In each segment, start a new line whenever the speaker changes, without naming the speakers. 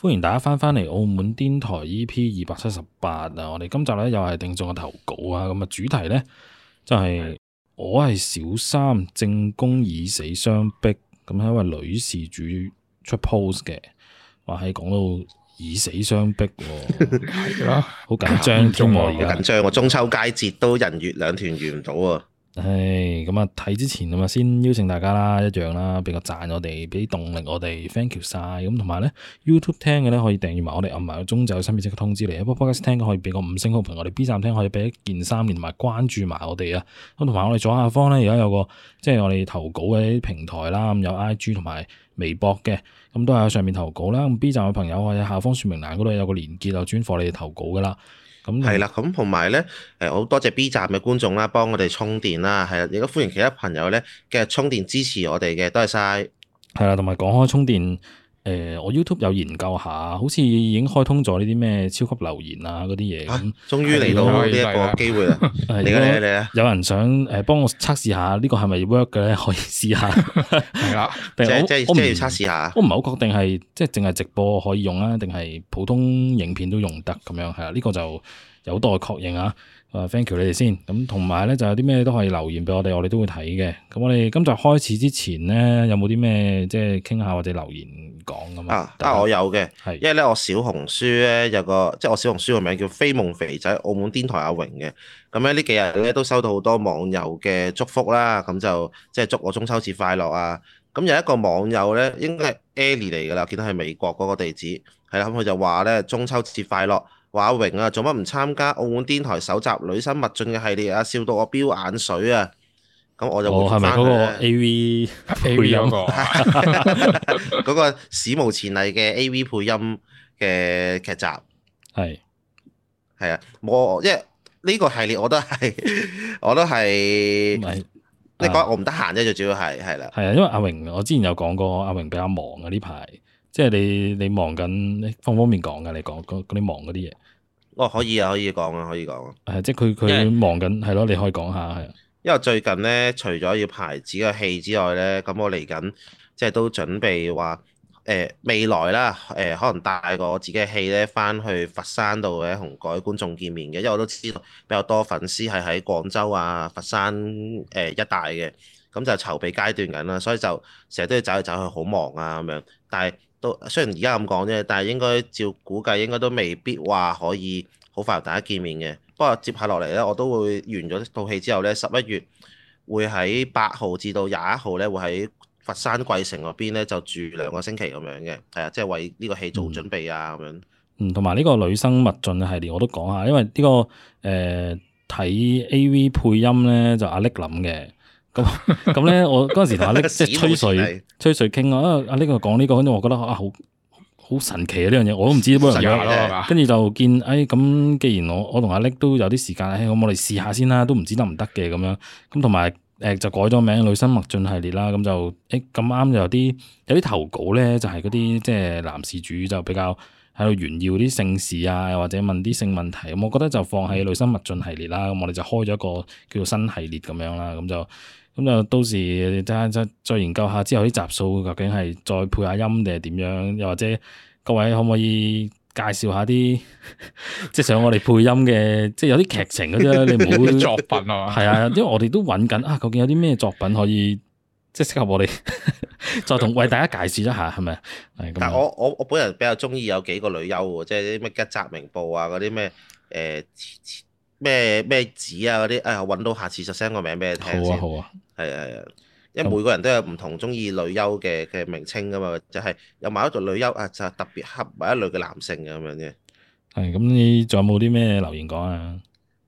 歡迎大家翻返嚟澳門電台 EP 二百七十八啊！我哋今集咧又係定做嘅投稿啊！咁啊主題咧就係我係小三，正宮以死相逼咁，一位女事主出 post 嘅，話喺講到以死相逼，係好緊張，好緊張中秋
佳節都人月兩團圓唔到啊！
係咁啊！睇之前啊先邀請大家啦，一樣啦，俾個讚我哋，俾啲動力我哋，thank you 晒。咁同埋咧，YouTube 聽嘅咧可以訂閱埋我哋，按埋個鐘就有新片即刻通知你。不過播客聽嘅可以俾個五星好評，我哋 B 站聽可以俾一件衫，連埋關注埋我哋啊。咁同埋我哋左下方咧，而家有個即係我哋投稿嘅啲平台啦，咁有 IG 同埋微博嘅，咁都係喺上面投稿啦。咁 B
站嘅朋友喺下方說明欄嗰度有個鏈接啊，專放你哋投稿噶啦。係啦，咁同埋咧，誒 好多謝 B 站嘅觀眾啦，幫我哋充電啦，係啦，亦都歡迎其他朋友咧繼續充電支持我哋嘅，多謝晒！係 啦，同埋講開充電。誒、呃，我 YouTube 有研
究下，好似已經開通咗呢啲咩超級留言啊嗰啲嘢，終於嚟到呢一個
機會啦！嚟啊嚟啊！
有人想誒幫我測試下、呢個，係，係呢個係咪 work 嘅咧？可以試下係啦。 我即是我我即即要測試下。我唔係好確定係即淨係直播可以用啊，定係普通影片都用得咁樣係啊？呢、呢個就有待確認啊！誒，thank you 你哋先，咁同埋咧就有啲咩都可以留言俾我哋，我哋都會睇嘅。咁我哋今集開始之前咧，有冇啲咩即係傾下或者留言
講咁樣啊？啊，我有嘅，是因為咧我小紅書咧有個即係我小紅書個名叫飛夢肥仔，澳門癲台阿榮嘅。咁咧呢幾日咧都收到好多網友嘅祝福啦，咁就即係祝我中秋節快樂啊！咁有一個網友咧，應該 Ellie 嚟㗎啦，見到係美國嗰個地址，係啦，咁佢就話咧中秋節快樂。話阿榮啊，做乜唔參加澳門電台首集女生物進嘅系列啊？笑到我飆眼水啊！咁我就會翻佢咧。哦，係
咪嗰個 A V 配音個？
嗰個史無前例嘅 A V 配音嘅劇集係，係啊！我即係呢個系列，我都係，我都係。唔係，你講我唔得閒啫，就主要係係啦。
係啊，因為阿榮，我之前有講過，阿榮比較忙啊呢排。即係你你忙緊，你方唔方便講啊？你講講講忙嗰啲嘢。
哦，可以啊，可以講啊，可以講。
係，即係佢佢忙緊，係咯 Yeah.，你可以講下
係。因為最近咧，除咗要排自己嘅戲之外咧，咁我嚟緊即係都準備話誒、呃、未來啦，誒、呃、可能帶過我自己嘅戲咧翻去佛山度咧同各位觀眾見面嘅，因為我都知道比較多粉絲係喺廣州啊、佛山誒、啊呃、一帶嘅，咁就籌備階段緊啦，所以就成日都要走去走去，好忙啊咁樣，但係。都雖然而家咁講啫，但係應該照估計應該都未必話可以好快同大家見面嘅。不過接下落嚟咧，我都會完咗套戲之後咧，十一月會喺八號至到廿一號咧，會喺佛山桂城嗰邊咧就住兩個星期咁樣嘅，係啊，即係為呢個戲做準備啊咁、嗯、樣。
嗯，同埋呢個女生勿進嘅系列我都講下，因為呢、呢個誒睇、呃、AV 配音咧就阿力諗嘅。咁咁咧，我嗰陣時同阿叻即係吹水吹水傾啊，阿阿叻個講呢個，反正我覺得啊好好神奇啊呢樣嘢，我都唔知點樣樣。跟住、啊、就見誒，咁、哎、既然我我同阿叻都有啲時間，誒、哎，我我哋試下先啦、啊，都唔知得唔得嘅咁樣。咁同埋誒就改咗名，女生勿進系列啦。咁就誒咁啱就有啲有啲投稿咧，就係嗰啲即係男事主就比較喺度炫耀啲性事啊，或者問啲性問題。咁我覺得就放喺女生勿進系列啦。咁我哋就開咗一個叫做新，新系列咁樣啦。咁就，就，就。咁就到時，睇下再研究下之後啲集數，究竟係再配下音定係點樣？又或者各位可唔可以介紹下啲即係想我哋配音嘅，即係 有啲劇情嗰啲咧？你唔會作
品啊？係啊，
因為我哋都揾緊啊，究竟有啲咩作品可以即係適合我哋？再同為大家介紹一下，係咪
啊？係咁。但係我我我本人比較中意有幾個女優喎，即係啲咩吉澤明步啊嗰啲咩誒咩咩子啊嗰啲，誒揾、哎、到下次實聲個名咩聽先、啊。好啊好啊。係係啊，因為每個人都有唔同中意女優嘅嘅名稱噶嘛，就係有某一種女優啊，就係特別合某一類嘅男性嘅咁樣嘅。
係，咁你仲有冇啲咩留
言講啊？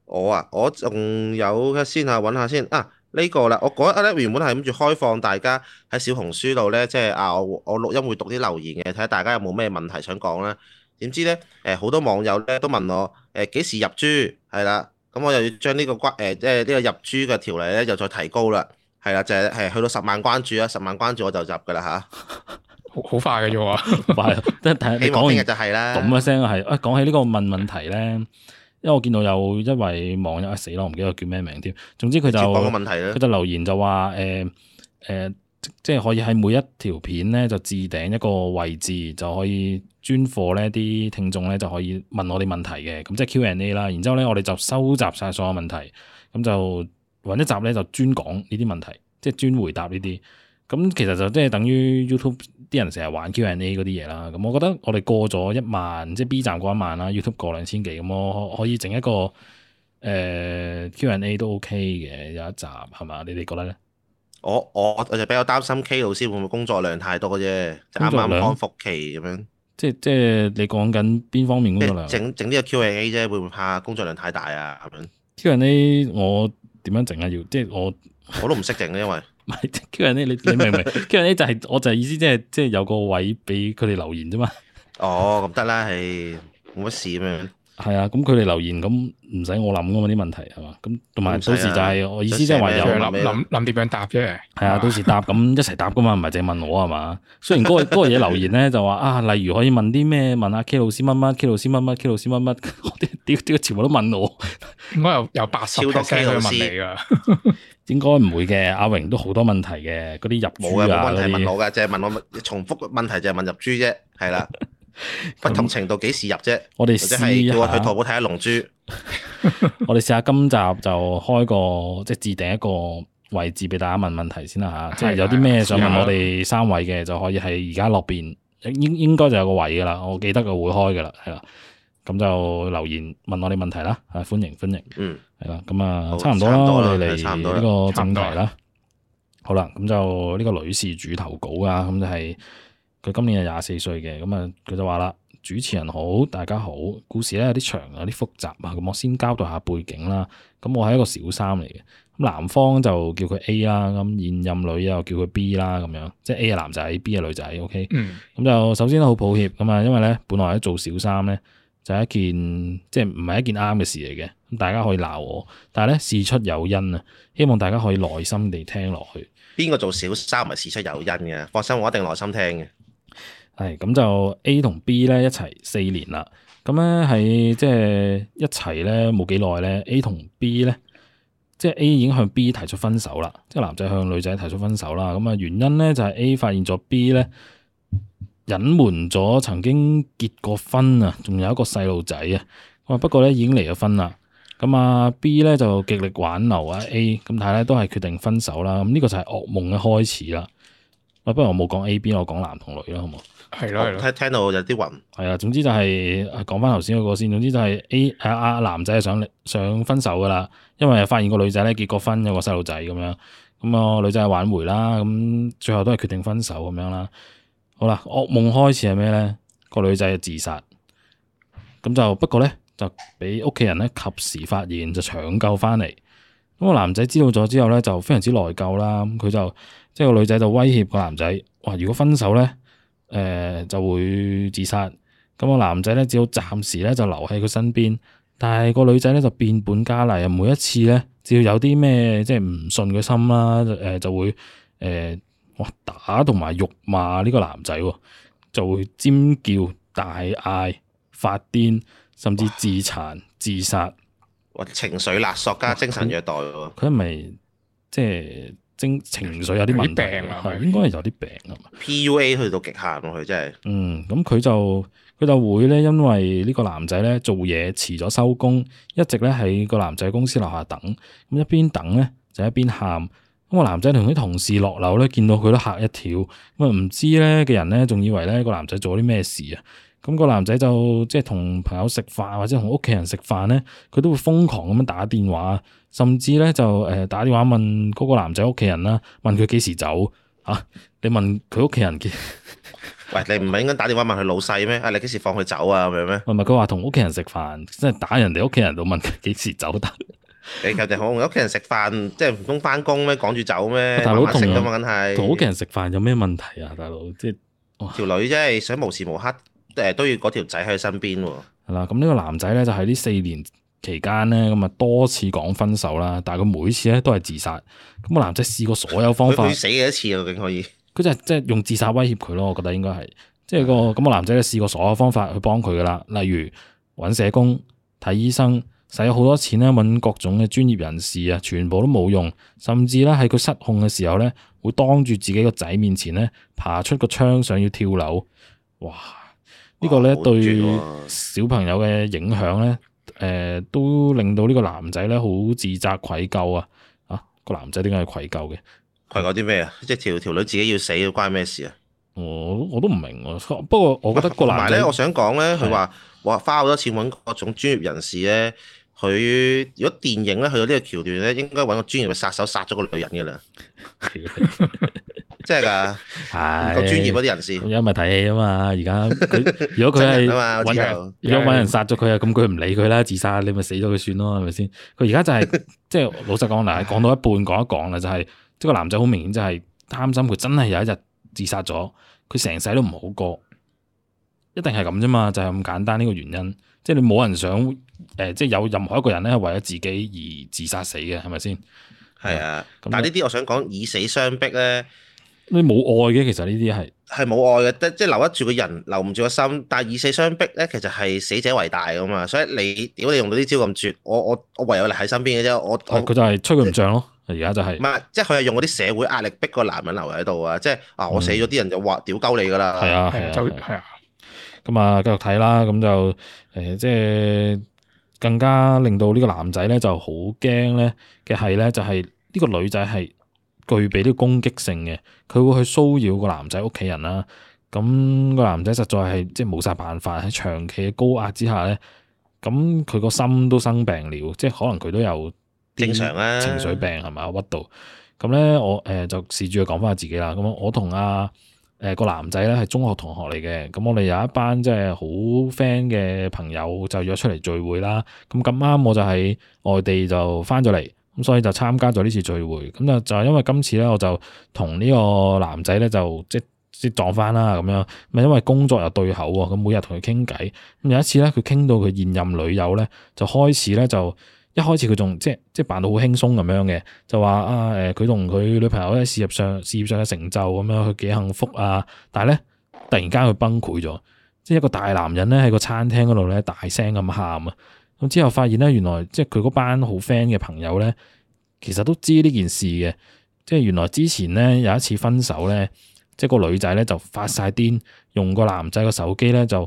我啊，我仲有嘅先下揾下先啊，呢個啦，我嗰一咧原本係諗住開放大家喺小紅書度咧，即係啊，我我錄音會讀啲留言嘅，睇下大家有冇咩問題想講啦。點知咧，誒好多網友咧都問我誒幾時入珠，係啦，咁我又要將呢個關誒即係呢個入珠嘅條例咧又再提高啦。係啦，就係去到十萬關注啊。十萬關注我就入噶啦吓，
好快嘅啫嘛，快，希望聽
日就係啦。咁嘅
聲係，啊，講、哎、起呢個問問題咧，因為我見到有一位網友啊、哎，死咯，我唔記得叫咩名添。總之佢就，講個問題咧，佢就留言就話，誒、呃、誒、呃，即係可以喺每一條片咧就置頂一個位置，就可以專課咧啲聽眾咧就可以問我哋問題嘅，咁即係 Q&A 啦。然之後咧，我哋就收集晒所有問題，咁就。揾一集咧就專講呢啲問題，即係專回答呢啲。咁其實就即係等於 YouTube 啲人成日玩 Q&A 嗰啲嘢啦。咁我覺得我哋過咗一萬，即係 B 站過一萬啦，YouTube 過兩千幾，咁我可以整一個誒 Q&A 都 OK 嘅，有一集係嘛？你哋覺得咧？
我我我就比較擔心 K 老師會唔會工作量太多啫，啱啱康復期咁樣。
即即係你講緊邊方面工作量？整
整呢個 Q&A 啫，會唔會怕工作量太大啊？咁樣
Q&A 我。點樣整啊？要即係我，
我都唔識整咧，因為
唔係，因為咧你你明唔明？因為咧就係我就係意思，即係即係有個位俾佢哋留言啫嘛。哦，咁得啦，係冇乜事咁樣。明係啊，咁佢哋留言咁唔使我諗噶嘛啲問題係嘛，咁同埋到時就係我意思即係話有諗諗
諗點樣答啫。係
啊的，的到時答咁一齊答噶嘛，唔係淨係問我係嘛？ 雖然嗰個個嘢留言咧就話啊，例如可以問啲咩？問阿 K 老師乜乜，K 老師乜乜，K 老師乜乜，啲全部都問我。我問 應
該有有八十 K 老師噶，
應該唔會嘅。阿榮都好多問題嘅，
嗰啲入珠啊嗰啲問題問我噶，就係問我重複個問題就係問，問，問入珠啫，係啦。 那不同程度幾時入啫？我哋試叫去淘寶睇下龍珠。
我哋試下今集就開個即係置頂一個位置俾大家問問題先啦、啊、吓，即係有啲咩想問我哋三位嘅，就可以係而家落邊應應該就有個位噶啦，我記得佢會開噶啦，係啦、啊。咁就留言問我哋問題啦，啊歡迎歡迎，歡迎嗯係啦，咁啊差唔多啦，我哋嚟呢個正台啦。好啦，咁就呢個女事主投稿啊，咁就係、是。佢今年係廿四歲嘅，咁啊佢就話啦：主持人好，大家好。故事咧有啲長，有啲複雜啊。咁我先交代下背景啦。咁我係一個小三嚟嘅。咁男方就叫佢 A 啦，咁現任女又叫佢 B 啦，咁樣即係 A 係男仔，B 係女仔。OK，嗯，咁就首先都好抱歉咁啊，因為咧本來做小三咧就係一件即係唔係一件啱嘅事嚟嘅。咁大家可以鬧我，但係咧事出有因啊。希望大家可以耐心地聽落去。
邊個做小三係事出有因嘅？放心，我一定耐心聽嘅。
係咁就 A 同 B 咧一齊四年啦，咁咧係即係一齊咧冇幾耐咧，A 同 B 咧即係 A 已經向 B 提出分手啦，即係男仔向女仔提出分手啦。咁啊原因咧就係、是、A 發現咗 B 咧隱瞞咗曾經結過婚啊，仲有一個細路仔啊。不過咧已經離咗婚啦。咁啊 B 咧就極力挽留啊 A，咁但係咧都係決定分手啦。咁呢個就係噩夢嘅開始啦。唔，不如我冇講 A B，我講男同女啦，
好唔好？係啦係啦，聽聽到有啲暈。
係啊，總之就係講翻頭先嗰個先，總之就係 A 啊男仔係想想分手噶啦，因為發現個女仔咧結過婚有個細路仔咁樣，咁個女仔係挽回啦，咁最後都係決定分手咁樣啦。好啦，噩夢開始係咩咧？個女仔係自殺，咁就不過咧就俾屋企人咧及時發現就搶救翻嚟。咁個男仔知道咗之後咧，就非常之內疚啦。佢就即係個女仔就威脅個男仔，哇！如果分手咧，誒、呃、就會自殺。咁個男仔咧，只好暫時咧就留喺佢身邊。但係個女仔咧就變本加厲，每一次咧，只要有啲咩即係唔順佢心啦，誒、呃、就會誒、呃、哇打同埋辱罵呢個男仔，就會尖叫、大嗌、發癲，甚至自殘、自殺。情
緒勒索，加精神虐待，
佢係咪即係精情緒有啲問題，係、啊、應該係有啲病㗎嘛
？P.U.A. 去到極限，啊，佢真係。
嗯，咁佢就佢就會咧，因為呢個男仔咧做嘢遲咗收工，一直咧喺個男仔公司樓下等，咁一邊等咧就一邊喊。咁，個男仔同啲同事落樓咧，見到佢都嚇一跳。咁啊唔知咧嘅人咧，仲以為咧，個男仔做啲咩事啊？咁個男仔就即係同朋友食飯，或者同屋企人食飯咧，佢都會瘋狂咁樣打電話，甚至咧就誒打電話問嗰個男仔屋企人啦，問佢幾時走嚇、啊？你問佢屋企人嘅？
喂，你唔係應該打電話問佢老細咩？啊！你幾時放佢走啊？咁樣咩？
係咪佢話同屋企人食飯，即係打人哋屋企人度問幾時走得、
啊？你究竟好？同屋企人食飯即係唔通翻工咩？趕住走咩？大佬同同屋企人
食飯有咩問題
啊？大佬即係條女真係想無時無刻。啊誒，都要嗰條仔喺身邊係
啦。咁呢個男仔咧，就喺呢四年期間咧，咁啊多次講分手啦。但係佢每次咧都係自殺。咁個男仔試過所有方法， 死
嘅一次，竟可以
佢就係即係用自殺威脅佢咯。我覺得應該係即係個咁個 男仔咧試過所有方法去幫佢噶啦，例如搵社工、睇醫生、使咗好多錢咧，搵各種嘅專業人士啊，全部都冇用。甚至咧喺佢失控嘅時候咧，會當住自己個仔面前咧爬出個窗，想要跳樓。哇！個呢個咧、哦、對小朋友嘅影響咧，誒、哦呃、都令到呢個男仔咧好自責愧疚啊！啊，呢個男仔點解係愧疚嘅？
愧疚啲咩啊？即係條條女自己要死，關咩事啊、哦？我我都唔明
喎、啊，不過我覺得個男……同埋咧，我
想講咧，佢話話花好多錢揾各種專業人士咧，佢如果電影咧去到個橋呢個橋段咧，應該揾個專業嘅殺手殺咗個女人㗎啦。 真係噶，係個、哎、專業嗰啲
人士。咁而家咪睇戲啊嘛！而家佢如果佢係揾人，如果揾 人，人殺咗佢啊，咁佢唔理佢啦，自殺你咪死咗佢算咯，係咪先？佢而家就係、是、 即係老實講嗱，講到一半講一講啦，就係即係個男仔好明顯就係擔心佢真係有一日自殺咗，佢成世都唔好過，一定係咁啫嘛，就係、是、咁簡單呢、呢個原因。即係你冇人想誒、呃，即係有任何一個人咧為咗自己
而自殺死嘅係咪先？係啊，但係呢啲我想講以死相逼咧。你冇愛嘅，其實呢啲係係冇愛嘅，即係留得住個人，留唔住個心。但係以死相逼咧，其實係死者為大噶嘛。所以你屌你用到啲招咁絕，我我我唯有留喺身邊嘅啫。我佢就
係吹佢唔漲咯，
而家就係唔係，即係佢係用嗰啲社會壓力逼個男人留喺度啊！即係啊，我死咗啲人就話屌鳩你噶啦。係啊，係啊，係
啊。咁啊，繼續睇啦。咁就誒，即係更加令到呢個男仔咧就好驚咧嘅係咧，就係呢個女仔係。具備啲攻擊性嘅，佢會去騷擾個男仔屋企人啦。咁個男仔實在係即係冇晒辦法，喺長期嘅高壓之下咧，咁佢個心都生病了，即係可能佢都有正常啦、啊、情緒病係咪屈到。咁咧我誒就試住講翻自己啦。咁我同阿誒個男仔咧係中學同學嚟嘅，咁我哋有一班即係好 friend 嘅朋友就約出嚟聚會啦。咁咁啱我就喺外地就翻咗嚟。咁所以就參加咗呢次聚會，咁就就因為今次咧，我就同呢個男仔咧就即即撞返啦咁樣，咪因為工作又對口喎，咁每日同佢傾偈。咁有一次咧，佢傾到佢現任女友咧，就開始咧就一開始佢仲即即扮到好輕鬆咁樣嘅，就話啊誒，佢同佢女朋友咧事業上事業上嘅成就咁樣，佢幾幸福啊！但係咧突然間佢崩潰咗，即一個大男人咧喺個餐廳嗰度咧，大聲咁喊啊！咁之後發現咧，原來即係佢嗰班好 friend 嘅朋友咧，其實都知呢件事嘅。即係原來之前咧有一次分手咧，即、那、係個女仔咧就發晒癲，用個男仔個手機咧就誒，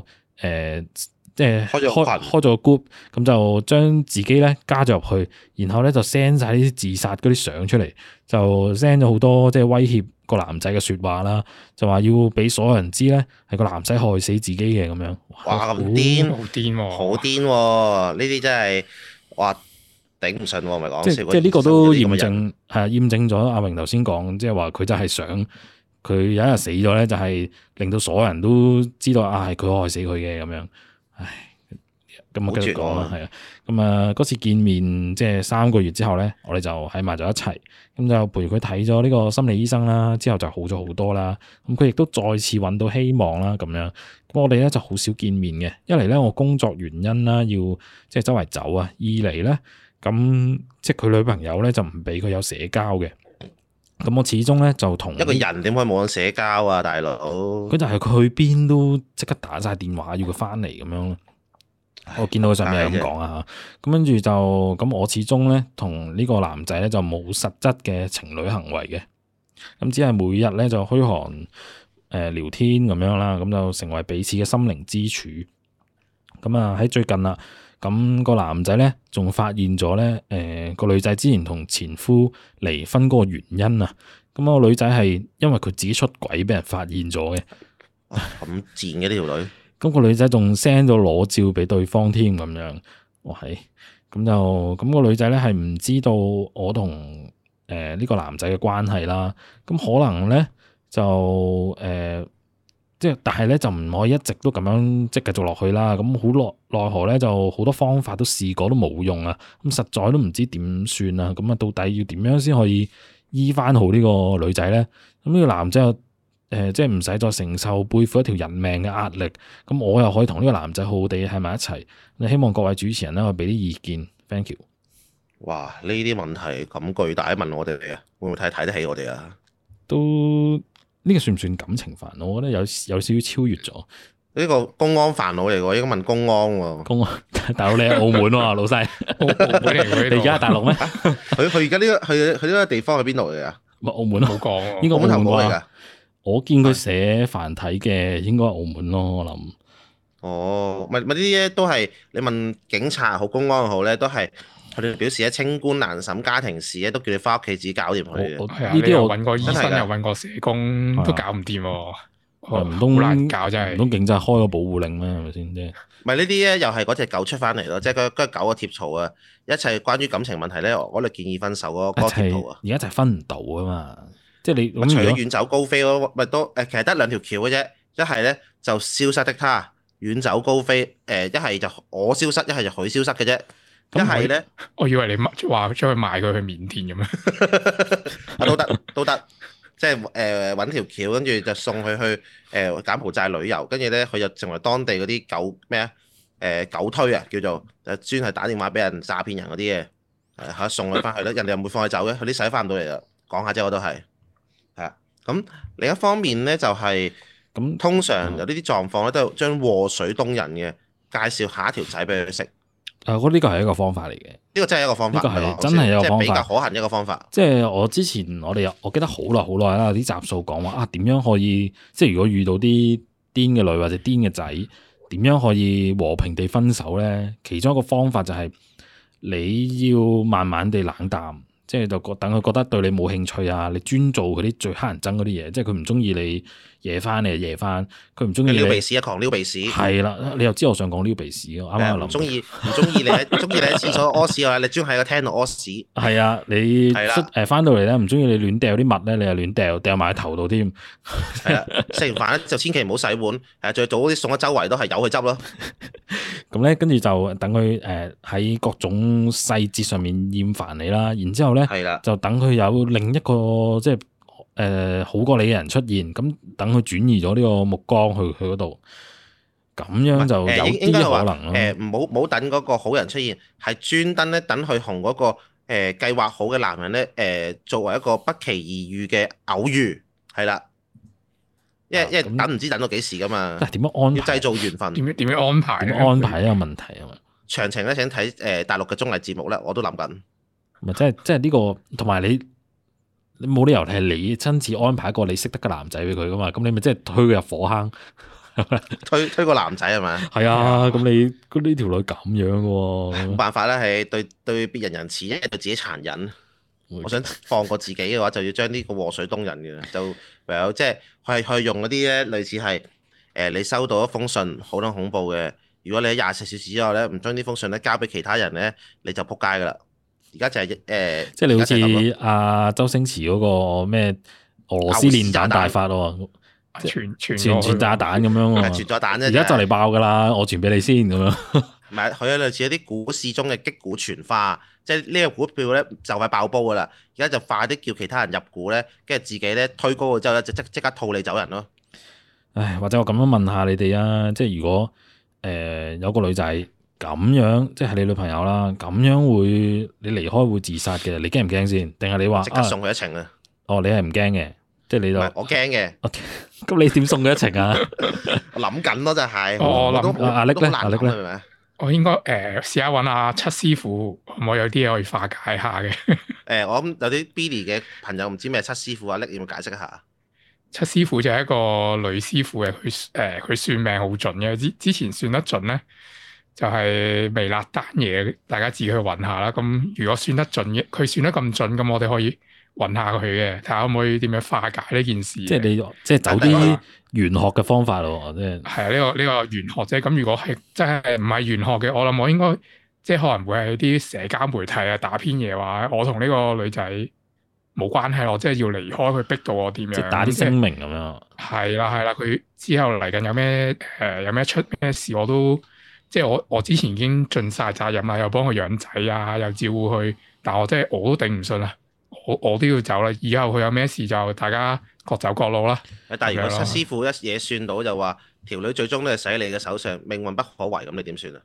即、呃、係、呃、開開咗個 group，咁就將自己咧加咗入去，然後咧就 send 曬啲自殺嗰啲相出嚟，就 send 咗好多即係威脅。個男仔嘅說話啦，就話要俾所有人知咧，係個男仔害死自己嘅咁樣。哇，咁癲，好
癲喎！好癲喎！呢啲真係哇，頂唔順喎，咪講笑。即係呢個都驗證，
係啊，驗證咗阿明頭先講，即係話佢就係想佢有一日死咗咧，就係令到所有人都知道，啊，係佢害死佢嘅咁樣。唉。咁啊，繼續講啦，係啊、哦，咁啊，嗰次見面即係三個月之後咧，我哋就喺埋咗一齊，咁就陪佢睇咗呢個心理醫生啦，之後就好咗好多啦。咁佢亦都再次揾到希望啦，咁樣。咁我哋咧就好少見面嘅，一嚟咧我工作原因啦，要即係周圍走啊；二嚟咧，咁即係佢女朋友咧就唔俾佢有社交嘅。咁我始終咧就同一個
人點可以冇得社交啊，大佬？佢、哦、就係佢
去邊都即刻打晒電話要佢翻嚟咁樣。唉我見到佢上面係咁講啊，咁跟住就咁，我始終咧同呢個男仔咧就冇實質嘅情侶行為嘅，咁只係每日咧就噓寒誒、呃、聊天咁樣啦，咁就成為彼此嘅心靈支柱。咁啊喺最近啦，咁、那個男仔咧仲發現咗咧，誒、呃、個女仔之前同前夫離婚嗰個原因啊，咁、那個女仔係因為佢自己出軌俾人發現咗嘅，咁賤嘅呢條女。咁個女仔仲 send 咗裸照俾對方添咁樣，哇，咁就咁、咁個女仔咧係唔知道我同誒呢個男仔嘅關係啦。咁可能咧就誒，即、呃、係但係咧就唔可以一直都咁樣即係繼續落去啦。咁好落奈何咧就好多方法都試過都冇用啊。咁實在都唔知點算啊。咁啊到底要點樣先可以醫翻好呢個女仔咧？咁呢個男仔又？誒，即係唔使再承受背負一條人命嘅壓力，咁我又可以同呢個男仔好好地喺埋一齊。希望各位主持人咧，我俾啲意見。Thank you
哇，呢啲問題咁巨大，問我哋嚟啊，會唔會睇睇得起我哋啊？
都呢、這個算唔算感情煩惱？我覺得有有少少超越咗
呢個公安煩惱嚟喎。應該問公安喎，公安大佬你喺澳門喎、啊，老細，你而家喺大陸咩？佢佢而家呢個去去呢個地方喺邊度嚟噶？唔澳門好冇講，應該唔係澳門嚟噶。
我見佢寫繁體嘅，應該係澳門咯，我諗。
哦，咪咪呢啲咧都係你問警察好，公安好咧，都係佢哋表示咧清官難審家庭事咧，都叫你翻屋企自己搞掂佢嘅。呢啲我揾過醫生又揾
過社工，都搞唔掂。唔通難搞真係？唔通警察開個保護令咩？係咪
先啫？唔係呢啲咧，又係嗰隻狗出翻嚟咯，即係嗰嗰隻狗嘅貼嘈啊！一切關於感情問題咧，我哋建議分手嗰個角
度啊，而家就係分唔到啊嘛。即係你，除咗遠
走高飛咯，咪都誒，其實得兩條橋嘅啫。一係咧就消失的他，遠走高飛，誒一係就我消失，一係就佢消失嘅啫。一係咧，
我以為你話出去賣佢去緬甸咁
啊？ 都得都得，即係誒揾條橋，跟住就送佢去誒、呃、柬埔寨旅遊，跟住咧佢就成為當地嗰啲狗咩啊？誒、呃、狗推啊，叫做專係打電話俾人詐騙人嗰啲嘢。嚇、呃、送佢翻去啦，人哋又唔會放佢走嘅，佢啲使都翻唔到嚟啦。講下啫，我都係。咁另一方面咧、就是，就係咁通常有呢啲狀況咧，都將禍水東引嘅介紹下一條仔俾佢食。啊、
呃，我、這、呢個係一個方法
嚟嘅。呢個真係一個方法。呢個係真係一個方法。像方法比較可行一個方法。
即係我之前我哋有，我記得好耐好耐啦，啲集數講話啊，點樣可以即係如果遇到啲癲嘅女或者癲嘅仔，點樣可以和平地分手咧？其中一個方法就係你要慢慢地冷淡。即係就等佢覺得對你冇興趣啊！你專做嗰啲最乞人憎嗰啲嘢，即係佢唔中意你夜翻你啊，夜翻，佢唔中意你撩鼻屎啊，
狂撩鼻屎。係啦，你
又知我想講撩鼻屎嘅，啱啱又諗。唔中
意唔中意你喺中意你喺廁所屙屎啊。你專喺個廳度屙屎。
係啊，你係翻到嚟咧，唔中意你亂掉啲物咧，你又亂掉，掉埋喺頭度添。
係啊，食完飯咧就千祈唔好洗碗。誒，再做啲餸啊，周圍都係有去執咯。
咁 咧，跟住就等佢誒喺各種細節上面厭煩你啦。然之後。咧，就等佢有另一個即係誒好過你嘅人出現，咁等佢轉移咗呢個目光去去嗰度，咁樣就有啲可能。誒，
唔好好等嗰個好人出現，係專登咧等佢同嗰個誒計劃好嘅男人咧，誒、呃、作為一個不期而遇嘅偶遇，係啦。因為因為、啊、等唔知等到幾時噶嘛，點樣安要製造緣分？點樣點樣安排？安排呢安排
個問題啊嘛？
詳情咧，請睇誒、呃、大陸嘅綜藝節目啦。我都諗緊。
咪即係即係呢個，同埋你你冇理由係你親自安排一個你識得嘅男仔俾佢噶嘛？咁你咪即係推佢入火坑，
推推個男仔係咪？
係啊，咁 你呢條、這個、女咁樣嘅喎、啊，冇辦法
啦，係對對別人仁慈，因為對自己殘忍。 我想放過自己嘅話就，就要將呢個禍水東人嘅就唯有即係去去用嗰啲咧，類似係誒你收到一封信，好撚恐怖嘅。如果你喺廿四小時之後咧唔將呢封信咧交俾其他人咧，你就撲街噶啦。而家就係、是、誒，呃、即係你
好似阿周星馳嗰個咩俄羅斯煉彈大法喎，傳傳
傳傳炸彈
咁全樣喎，傳咗彈啫。而家就嚟、是、爆噶啦，我傳俾你先咁樣。
唔係，佢類似一啲股市中嘅擊鼓傳花，即係呢個股票咧就快爆煲噶啦。而家就快啲叫其他人入股咧，跟住自己咧推高之後咧，就即即刻套你走人咯。
唉，或者我咁樣問下你哋啊，即係如果誒、呃、有個女仔。咁樣即係你女朋友啦，咁樣會你離開會自殺嘅，你驚唔驚先？定係你話即刻送佢一程啊？哦，你係唔驚嘅，即係你都
我驚嘅。
咁你點送佢一程啊？
諗緊咯，就 係 哦，諗阿力咧，阿、啊、力咧，
我應該誒試下搵阿七師傅，可唔可以有啲嘢可以化
解下嘅？誒、 呃，我咁有啲 Billy 嘅朋友唔知咩七師傅啊，力、啊、要唔要解釋一下？
七師傅就係一個女師傅嘅，佢誒佢算命好準嘅，之之前算得準咧。就係未落單嘢，大家自己去揾下啦。咁如果算得準嘅，佢算得咁準，咁我哋可以揾下佢嘅，睇下可唔可以點樣化解呢件事。即係你即
係走啲玄學嘅方法咯是、這個這個，即
係。係啊，呢個呢個玄學啫。咁如果係即係唔係玄學嘅，我諗我應該即係可能會係啲社交媒體啊打篇嘢話，我同呢個女仔冇關係咯、嗯。即係要離開佢，逼到我點樣，打啲聲明咁樣。係啦，係啦，佢之後嚟緊有咩誒、呃、有咩出咩事我都。即係我我之前已經盡晒責任啦，又幫佢養仔啊，又照顧佢。但我真係我都頂唔順啦，我我都要走啦。以後佢有咩事就大家各走各路啦。但係如果師
傅一嘢算到就話條 女最終都係死喺你嘅手上，命運不可違，咁你點算啊？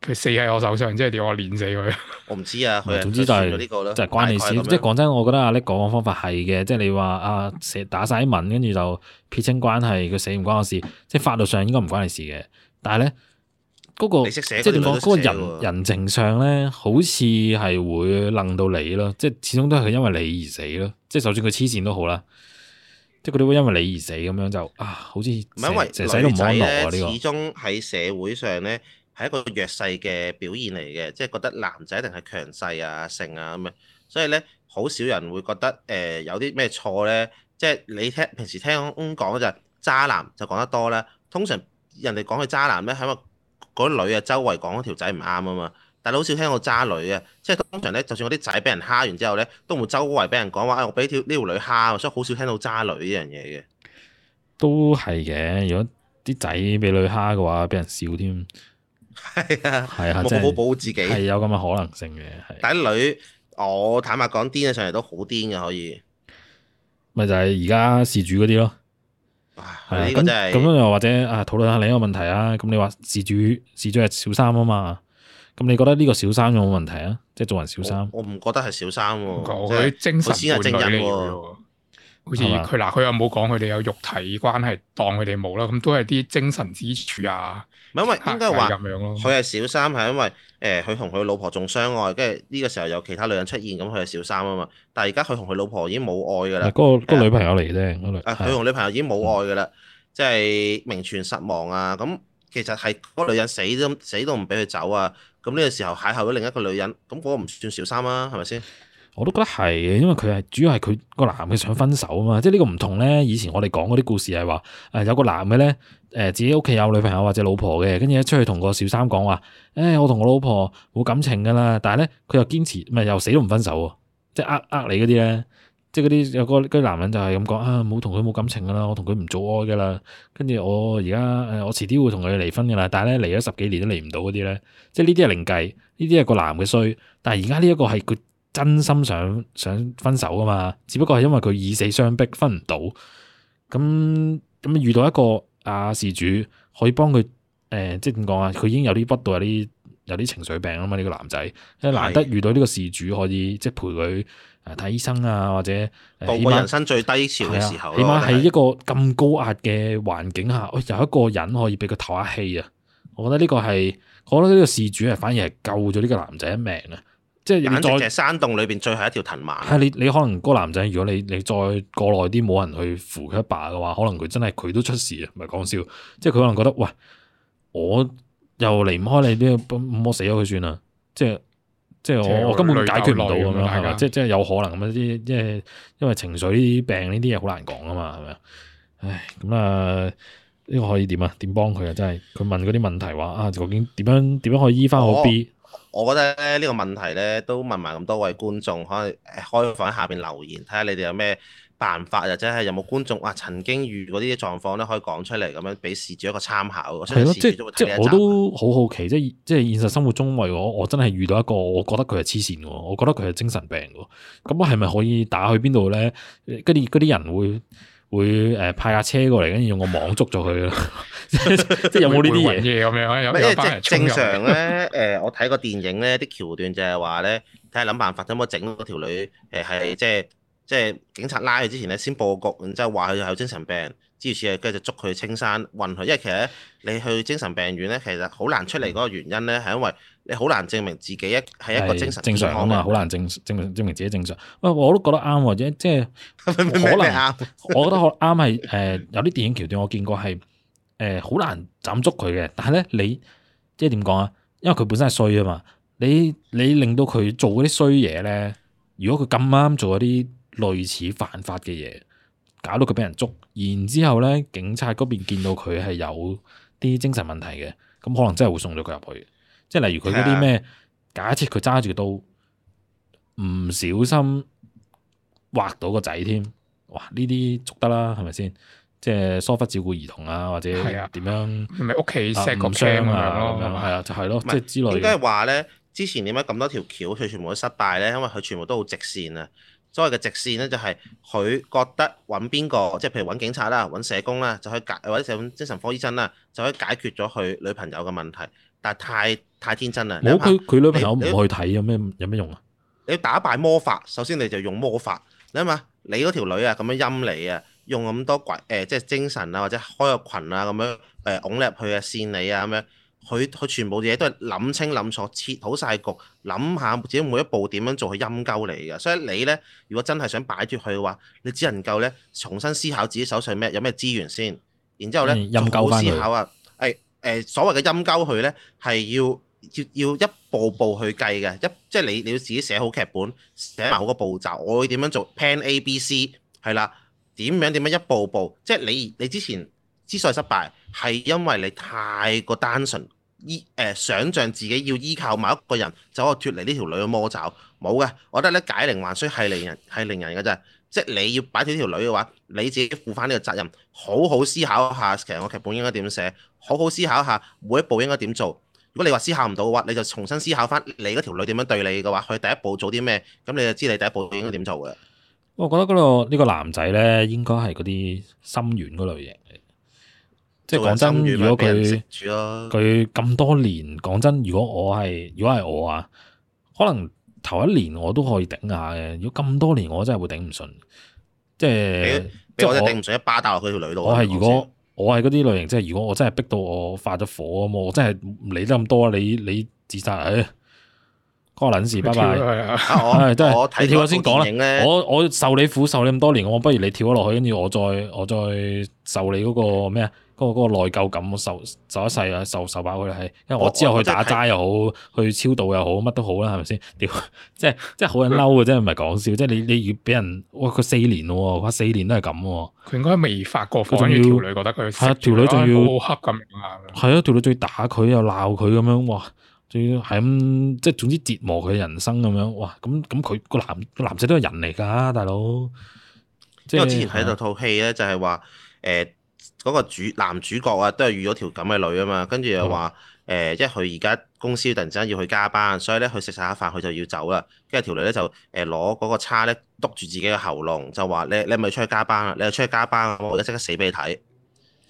佢死喺我手上，即係點我連死佢？我唔知啊，這個，總之就係呢個咯，就係關你事。即係講
真，我覺得阿叻講嘅方法係嘅，即係你話啊，寫，打晒啲文，跟住就撇清關係，佢死唔關我事，即係法律上應該唔關你事嘅。但係咧。嗰、那個即係點講？嗰人人情上咧， 好似係會愣到你咯。即係始終都係因為你而死咯。即係就算佢黐線都好啦，即係佢哋會因為你而死咁樣就啊，好似唔係因為女仔咧，始
終喺社會上咧係一個弱勢嘅表現嚟嘅，即係覺得男仔一定係強勢啊、性啊咁樣，所以咧，好少人會覺得誒、呃、有啲咩錯咧。即係你聽平時聽講講就係渣男就講得多啦。通常人哋講佢渣男咧，喺個。嗰女啊，周圍講嗰條仔唔啱啊嘛，但係好少聽到渣女嘅，即係通常咧，就算嗰啲仔俾人蝦完之後咧，都唔會周圍俾人講話，誒、哎、我俾條呢條女蝦，所以好少聽到渣女呢樣嘢嘅。
都係嘅，如果啲仔俾女蝦嘅話，俾人笑添。
係啊，係啊，冇好保護自己係
有咁嘅可能性
嘅。但女，我坦白講癲起上嚟都好癲嘅，可以
咪就係而家事主嗰啲咯。
哇，咁咁
又或者啊，討論下另一個問題啊。咁你話事主事主係小三啊嘛？咁你覺得呢個小三有冇問題啊？即係做人小三？我
唔覺得係小三哦，佢精神伴侶嚟嘅。好似佢嗱，
佢又冇講佢哋有肉體關係，當佢哋冇啦，咁都係啲精神支柱啊。唔係
因為應該話咁樣咯，佢係小三係因為誒，佢同佢老婆仲相愛，跟住呢個時候有其他女人出現，咁佢係小三啊嘛。但係而家佢同佢老婆已經冇愛㗎啦。嗰、
嗰個女朋友嚟啫，
嗰女，佢同女朋友已經冇愛㗎啦，嗯、即係名存實亡啊。咁、嗯、其實係嗰女人死都死都唔俾佢走啊。咁呢個時候邂逅咗另一個女人，咁、嗰、嗰個唔算小三啊，係咪先？
我都覺得係，因為佢係主要係佢個男嘅想分手啊嘛，即係呢個唔同咧。以前我哋講嗰啲故事係話，誒有個男嘅咧，誒、呃、自己屋企有女朋友或者老婆嘅，跟住一出去同個小三講話，誒、哎、我同我老婆冇感情噶啦，但係咧佢又堅持，唔係又死都唔分手，即係呃呃你嗰啲咧，即係嗰啲有個男人就係咁講啊，冇同佢冇感情噶啦，我同佢唔做愛噶啦，跟住我而家誒我遲啲會同佢離婚噶啦，但係咧離咗十幾年都離唔到嗰啲咧，即係呢啲係另計，呢啲係個男嘅衰，但係而家呢一個係佢。真心想想分手㗎嘛，只不過係因為佢以死相逼分唔到，咁咁遇到一個阿事主可以幫佢誒、呃，即係點講啊？佢已經有啲不道，有啲有啲情緒病啊嘛。呢、這個男仔難得遇到呢個事主可以即係陪佢誒睇醫生啊，或者過人生
最低潮嘅時候，啊、起碼喺一
個咁高壓嘅環境下，是有一個人可以俾佢透下氣啊！我覺得呢個係，我覺得呢個事主係反而係救咗呢個男仔一命啊！
即係又再山洞裏邊最後一條藤蔓。
你你可能嗰個男仔，如果你你再過耐啲，冇人去扶佢一把嘅話，可能佢真係佢都出事啊！唔係講笑，即係佢可能覺得喂，我又離唔開你，呢咁我死咗佢算啦。即係即係我，我根本解決唔到咁樣，係啊吧，即係即係有可能咁啊！即係因為情緒病呢啲嘢好難講啊嘛，係咪？唉，咁啊呢個可以點啊？點幫佢啊？真係佢問嗰啲問題話啊，究竟點樣點樣可以醫翻好 B？哦
我覺得咧呢個問題咧都問埋咁多位觀眾，可以開放喺下邊留言，睇下你哋有咩辦法，或者係有冇觀眾哇曾經遇過呢啲狀況咧，可以講出嚟，咁樣俾事主一個參考。係咯的，即係的我都
好好奇，即係即係現實生活中，我我真係遇到一個我覺得，我覺得佢係黐線嘅，我覺得佢係精神病嘅，咁我係咪可以打去邊度咧？跟住嗰啲人會？會誒，派架車過嚟，跟住用個網捉咗佢咯，
即係有冇呢啲嘢咁樣？因為正正常咧，誒、 呃、我睇個電影咧，啲橋段就係話咧，睇下諗辦法，可唔可以整嗰條女？誒、呃、係即係即係警察拉佢之前咧，先佈局，然之後話佢有精神病。支持啊！跟住就捉佢去青山，運佢。因為其實你去精神病院咧，其實好難出嚟嗰個原因咧，係因為你好難證明自己一係一個精神正常啊嘛，好
難證證明證明自己正常。喂，我都覺得啱喎，即即 可能啱。 我覺得啱係誒，有啲電影橋段我見過係誒，好、呃、難斬捉佢嘅。但係咧，你即係點講啊？因為佢本身係衰啊嘛，你你令到佢做嗰啲衰嘢咧，如果佢咁啱做一啲類似犯法嘅嘢。搞到佢俾人捉，然之後咧，警察嗰邊見到佢係有啲精神問題嘅，咁可能真係會送咗佢入去。即係例如佢嗰啲咩，假設佢揸住刀，唔小心劃到個仔添，哇！呢啲捉得啦，係咪先？即係疏忽照顧兒童啊，或者係啊，點樣？係咪屋企誤傷啊嘛，咁樣係啊，就係咯，即係之類。點解係
話咧？之前點解咁多條橋佢全部都失敗咧？因為佢全部都好直線啊。所謂嘅直線咧，就係佢覺得揾邊個，即係譬如揾警察啦、揾社工啦，就可以解，或者揾精神科醫生啦，就可以解決咗佢女朋友嘅問題。但係太太天真啦！冇佢，佢女朋友唔去
睇，有咩有咩用啊？
你要你打敗魔法，首先你就用魔法。你諗下，你嗰條女啊咁樣陰你啊，用咁多鬼誒、呃，即係精神啊，或者開個群啊咁樣誒，㧬你入去啊，扇你啊咁樣。呃佢佢全部嘢都係諗清諗楚，設好晒局，諗下自己每一步點樣做係陰鳩嚟嘅。所以你呢，如果真係想擺脱佢嘅話，你只能夠呢，重新思考自己手上咩有咩資源先。然之後呢，陰鳩、嗯、思考啊，係、哎呃、所謂嘅陰鳩，佢呢係要要、要一步步去計嘅，一即係、就是、你你要自己寫好劇本，寫埋好個步驟，我會點樣做 plan A B C 係啦，點樣點樣一步步，即、就、係、是、你你之前之所以失敗係因為你太過單純。依誒，想象自己要依靠某一個人，就可脫離呢條女嘅魔爪。冇嘅。我覺得咧，解鈴還須繫鈴人，係繫鈴人嘅啫。即係你要擺脫呢條女嘅話，你自己負翻呢個責任，好好思考一下，其實我劇本應該點寫，好好思考一下每一步應該點做。如果你話思考唔到嘅話，你就重新思考翻你嗰條女點樣對你嘅話，佢第一步做啲咩，咁你就知你第一步應該點做嘅。
我覺得嗰呢個男仔咧，應該係嗰啲心軟嗰類型。
即係講真，如果佢佢
咁多年，講真，如果我係如果係我啊，可能頭一年我都可以頂下嘅。如果咁多年，我真係會頂唔順。即係即係我頂唔
順，一巴打落佢條女度。我係如果
我係嗰啲類型，即係如果我真係逼到我發咗火咁，我真係唔理得咁多，你你自殺唉！過兩事，拜拜，係都係你跳咗先講啦。我我受你苦受你咁多年，我不如你跳咗落去，跟住我再我再我受你嗰個咩 我嗰個內疚感受受一世啊，受受爆佢係，因為我之後去打齋又好，去超度又好，乜都好啦，係咪先？屌，即係即係好人嬲嘅，真係唔係講笑，即係你你越俾人，哇，佢四年咯，哇，四年都係咁，
佢應該未發過火，仲要條女覺得佢係啊，條女仲要好黑咁，
係啊，條女仲要打佢又鬧佢咁樣，哇，仲要係咁，即係總之折磨佢人生咁樣，哇，咁咁佢個男個男仔都係人嚟噶，大佬，
即係因為之前睇到套戲咧，就係話誒。嗰個主男主角啊，都係遇咗條咁嘅女啊嘛，跟住又話誒、呃，因為佢而家公司突然之間要去加班，所以咧佢食晒下飯，佢就要走啦。跟住條女咧就誒攞嗰個叉咧篤住自己嘅喉嚨，就話你你咪出去加班啦，你又出去加班，我而家即刻死俾你睇。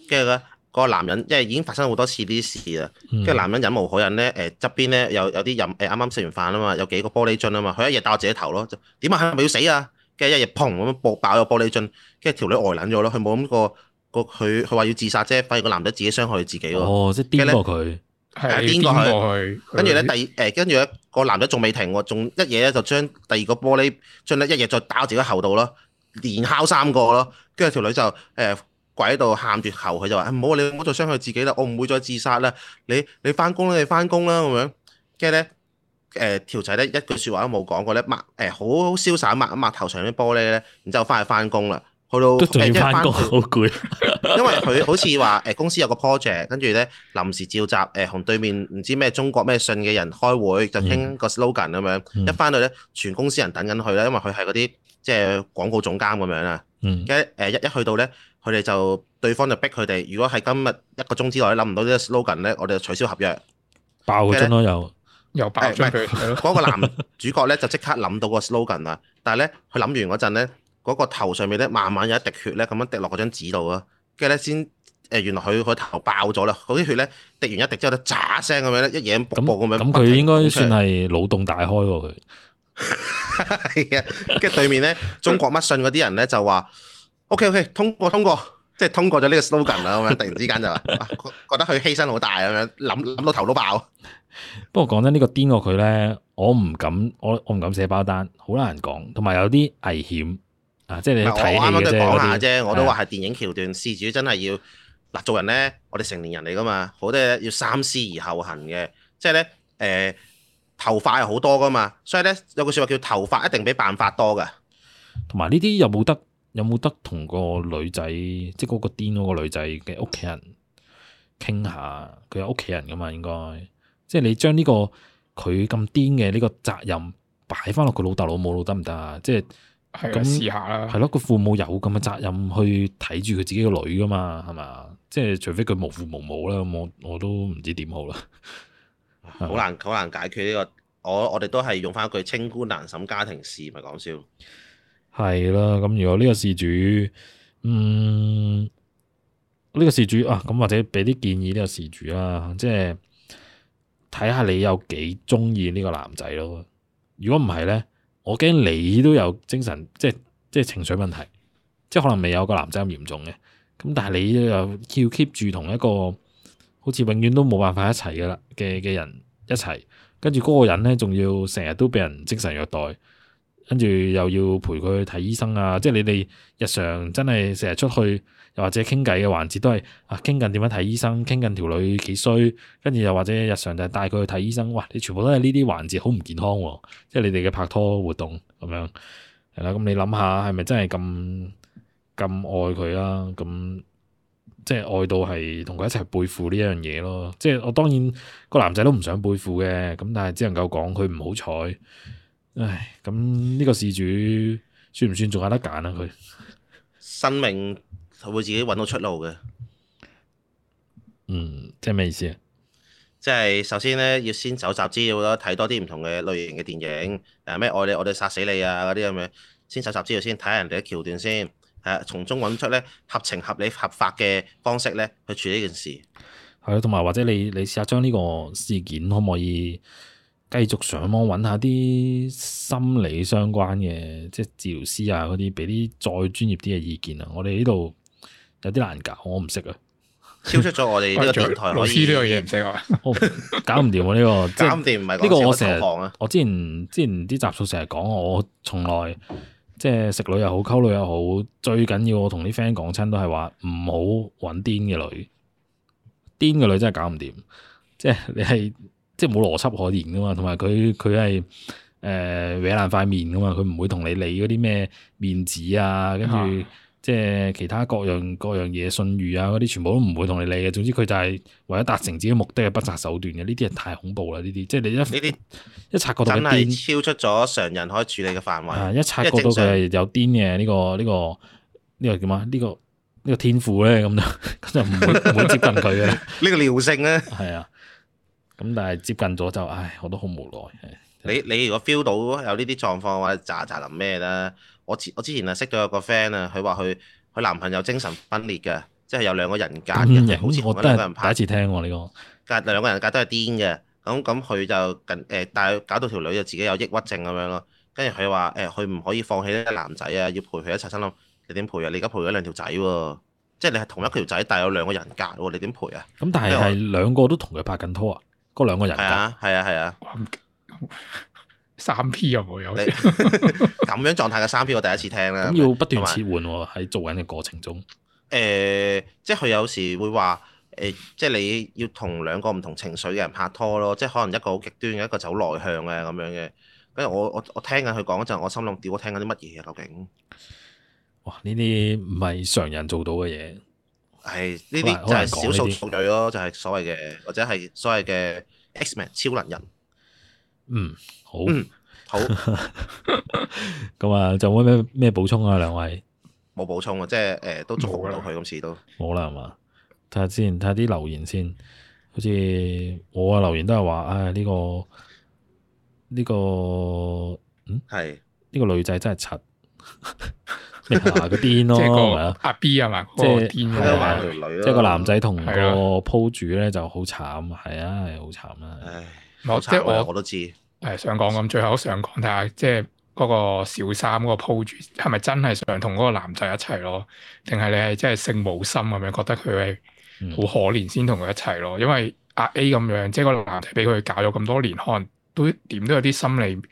跟住咧個男人，因為已經發生好多次呢啲事啦，跟住、嗯、男人忍無可忍咧誒側邊咧有有啲飲誒啱啱食完飯啊嘛，有幾個玻璃樽啊嘛，佢一嘢打我自己頭咯，點啊係咪要死啊？跟住一嘢砰咁樣爆爆咗玻璃樽，跟住條女呆撚咗咯，佢冇諗過。個佢佢話要自殺啫，反而個男仔自己傷害自己喎。哦，即係癲過佢，係癲后是過佢。跟住咧，第二誒，跟住咧，個男仔仲未停，我仲一嘢咧，就將第二個玻璃樽咧一嘢再打自己後度咯，連敲三個咯。跟住條女就誒跪喺度喊住喉，佢、呃呃、就話：唔好，你唔好再傷害自己啦，我唔會再自殺啦。你你翻工啦，你翻工啦，咁樣。跟住咧，誒，條仔咧一句說話都冇講過咧，抹誒好瀟灑抹抹頭上啲玻璃咧，然之後翻去翻工啦。去到都仲要翻工，好攰。因為佢好似話誒公司有個 project，跟住咧臨時召集誒同對面唔知咩中國咩信嘅人開會，就傾個 slogan 咁樣。一翻到咧，全公司人等緊佢咧，因為佢係嗰啲即係廣告總監咁樣啦。跟住誒一一去到咧，佢哋就對方就逼佢哋，如果係今日一個鐘之內咧諗唔到呢個 slogan 咧，我哋就取消合約。爆咗樽咯，又又爆樽佢。嗰個男主角咧就即刻諗到個 slogan 啦，但係咧佢諗完嗰陣咧。嗰個頭上面咧，慢慢有一滴血咧，咁樣滴落嗰張紙度啊。跟住咧先，誒原來佢個頭爆咗啦，嗰啲血咧滴完一滴之後咧，喳聲咁樣咧，一嘢咁啵咁樣。咁佢、嗯嗯、應該算係
腦洞大開喎，佢。
係啊，跟住 對面咧，中國乜信嗰啲人咧就話，OK OK，通過通過，即係通過咗呢個 slogan 啦，咁樣突然之間就話 覺得佢犧牲好大咁樣，諗諗到頭都爆。
不過講真，這個、癲呢個癲過佢咧，我唔敢，我我唔敢寫包單，好難講，同埋有啲危險。啊！即係你睇下啫，些我都話係
電影橋段，的事主真係要嗱，做人咧，我哋成年人嚟噶嘛，好多嘢要三思而後行嘅。即係咧，誒、呃，頭髮係好多噶嘛，所以咧有句說話叫頭髮一定比辦法多噶。
同埋呢啲有冇得有冇得同個女仔，即係嗰個癲嗰個女仔嘅屋企人傾下，佢有屋企人噶嘛？應該即係你將呢、這個佢咁癲嘅呢個責任擺翻落佢老豆老母度得唔得啊？即係。嗯、試下啦，係咯，佢父母有咁嘅責任去睇住佢自己個女噶嘛，係嘛？即係除非佢無父無母啦，我我都唔知點好
啦。好 難，好難解決呢、這個。我我哋都係用翻一句清官難審家庭事，咪講笑。
係啦，咁如果呢個事主，嗯，呢、這個事主啊，咁或者俾啲建議呢個事主啦，即係睇下你有幾中意呢個男仔咯。如果唔係咧。我驚你都有精神，即係即係情緒問題，即係可能未有個男仔咁嚴重嘅，咁但係你又要 keep 住同一個好似永遠都冇辦法一齊嘅啦嘅嘅人一齊，跟住嗰個人咧仲要成日都俾人精神虐待，跟住又要陪佢去睇醫生啊，即係你哋日常真係成日出去。又或者傾偈嘅環節都係啊，傾緊點樣睇醫生，傾緊條女幾衰，跟住又或者日常就係帶佢去睇醫生。哇！你全部都係呢啲環節，好唔健康喎、啊。即係你哋嘅拍拖活動咁樣係啦。咁、嗯、你諗下是是，係咪真係咁咁愛佢啦、啊？咁、嗯、即係愛到係同佢一齊背負呢一樣嘢咯。即係我當然個男仔都唔想背負嘅，咁但係只能夠講佢唔好彩。唉，咁、嗯、呢、這個事主算唔算仲有得揀啊？佢
生命。佢會自己揾到出路嘅。
嗯，即係咩意思啊？
即係首先咧，要先搜集資料咯，睇多啲唔同嘅類型嘅電影，誒咩愛你我哋殺死你啊嗰啲咁樣，先搜集資料先，睇人哋嘅橋段先，誒、啊、從中揾出咧合情合理合法嘅方式咧去處理呢件事。
係啊，同埋或者你你試下將呢個事件可唔可以繼續上網揾下啲心理相關嘅即係治療師啊嗰啲，俾啲再專業啲嘅意見啊！我哋呢度。有啲難搞，我唔識啊！超
出咗我哋呢個平台可以，斯我呢樣嘢
唔識啊， oh, 搞唔掂啊，呢個！ 即搞唔掂，唔係呢個我成日講啊！我，我之前之前啲集數成日講，我從來即係食女又好，溝女又好，最緊要我同啲 friend 講親都係話唔好搵癲嘅女，癲嘅女真係搞唔掂，即係你係即係冇邏輯可言噶嘛，同埋佢佢係誒搲爛塊面噶嘛，佢唔、呃、會同你理嗰啲咩面子啊，跟住。即係其他各樣各樣嘢信譽啊，嗰啲全部都唔會同你理嘅。總之佢就係為咗達成自己目的係不擇
手段嘅。呢啲係太恐怖啦！呢啲即係你一呢啲一察覺到佢癲，真係超出咗常人可以處理嘅範圍。啊、一察覺到佢
係有癲嘅呢、呢個呢個呢個叫咩？呢、呢個呢、呢個天賦咧，咁就咁就唔會唔 會接近佢嘅。
呢 個尿性咧係啊，
咁、啊、但係接近咗就唉，我都好無奈。
你 你如果 feel 到有呢啲狀況或者咋咋林咩啦？我之我之前啊，識到有個 friend 啊，佢話佢佢男朋友精神分裂嘅，即係有兩個人格嘅，嗯、人好似我都係第一次聽喎、啊，你、這、講、個。跟住兩個人格都係癲嘅，咁咁佢就近誒，但、呃、係搞到條女就自己有抑鬱症咁樣咯。跟住佢話誒，佢、欸、唔可以放棄呢個男仔啊，要陪佢一齊生諗。你點陪啊？你而家陪咗兩條仔喎、啊，即係你係同一條仔，但有兩個人格喎，你點陪啊？咁但係是係
兩個都同佢拍緊拖
啊？個兩個人格，係啊係啊係啊。 三 P 有冇有？咁樣狀態嘅三 P 我第一次聽咧。要不斷切換喎，喺做緊嘅過程中。誒，即係佢有時會話，誒，即係你要同兩個唔同情緒嘅人拍拖咯，即係可能一個好極端嘅，一個就好內向嘅咁樣嘅。跟住我我我聽緊佢講嗰陣，我心諗屌，我聽緊啲乜嘢啊？究竟？
哇！呢啲唔係常人
做到嘅嘢。係呢啲就係少數壯舉咯，就係所謂嘅或者係所謂嘅 Xman 超能人。
嗯，好，嗯、好，咁啊，仲有咩咩補充啊？兩位
冇補充啊，即係誒、呃，都做咗落去咁先都
冇啦，係嘛？睇下先，睇下啲留言先。好似我啊，留言都係話，唉、哎，呢、這個呢、這個，嗯，係呢是個女仔真係柒，即 係 個癲咯，阿 B 係嘛，即係個是是男仔同個鋪主咧就好慘，係啊，係好慘啦，唉。 即係我我都
知，誒，想講咁，最後我想講睇下，即係嗰個小三嗰個鋪住係咪真係想同嗰個男仔一齊咯？定係你係真係性，無心咁樣覺得佢係好可憐先同佢一齊咯？因為阿 A 咁樣，即係個男仔俾佢搞咗咁多年，可能都點都有啲心理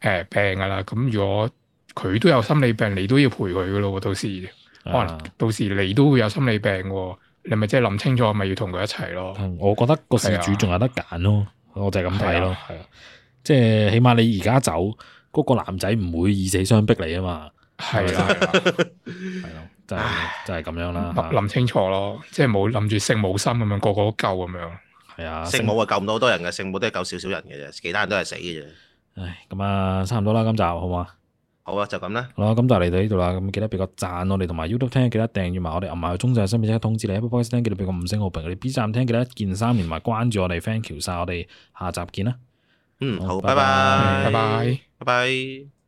誒病噶啦。咁如果佢都有心理病，你都要陪佢噶咯。到時可能到時你都會有心理病，你咪即係諗清楚，咪要同佢一齊咯。我覺得個事主仲有得揀咯。我就咁睇咯，係啊，即係起碼你而家走，嗰個男仔唔會以死相逼你啊嘛，係啊，係咯，啊，就係就係咁樣啦，諗清楚咯，即係冇諗住聖母心咁樣個個都救咁樣，係啊，聖母
啊救唔到好多人嘅，聖母都係救少少人嘅啫，其他人都係死嘅啫，唉，
咁啊，差唔多啦，今集好唔
好啊？
好啊，就
咁啦。好啦，咁就嚟到呢度啦。咁記得俾個讚我哋，同埋 YouTube 聽記得訂閱埋我哋，同埋去中身新即刻通知你。Apple Podcast 記得俾個五星好評，嗰啲 B 站聽記得一鍵三連，埋關注我哋 Thank You 晒。 謝謝我哋下集見啦。嗯，好，拜拜，拜拜，拜
拜。拜拜。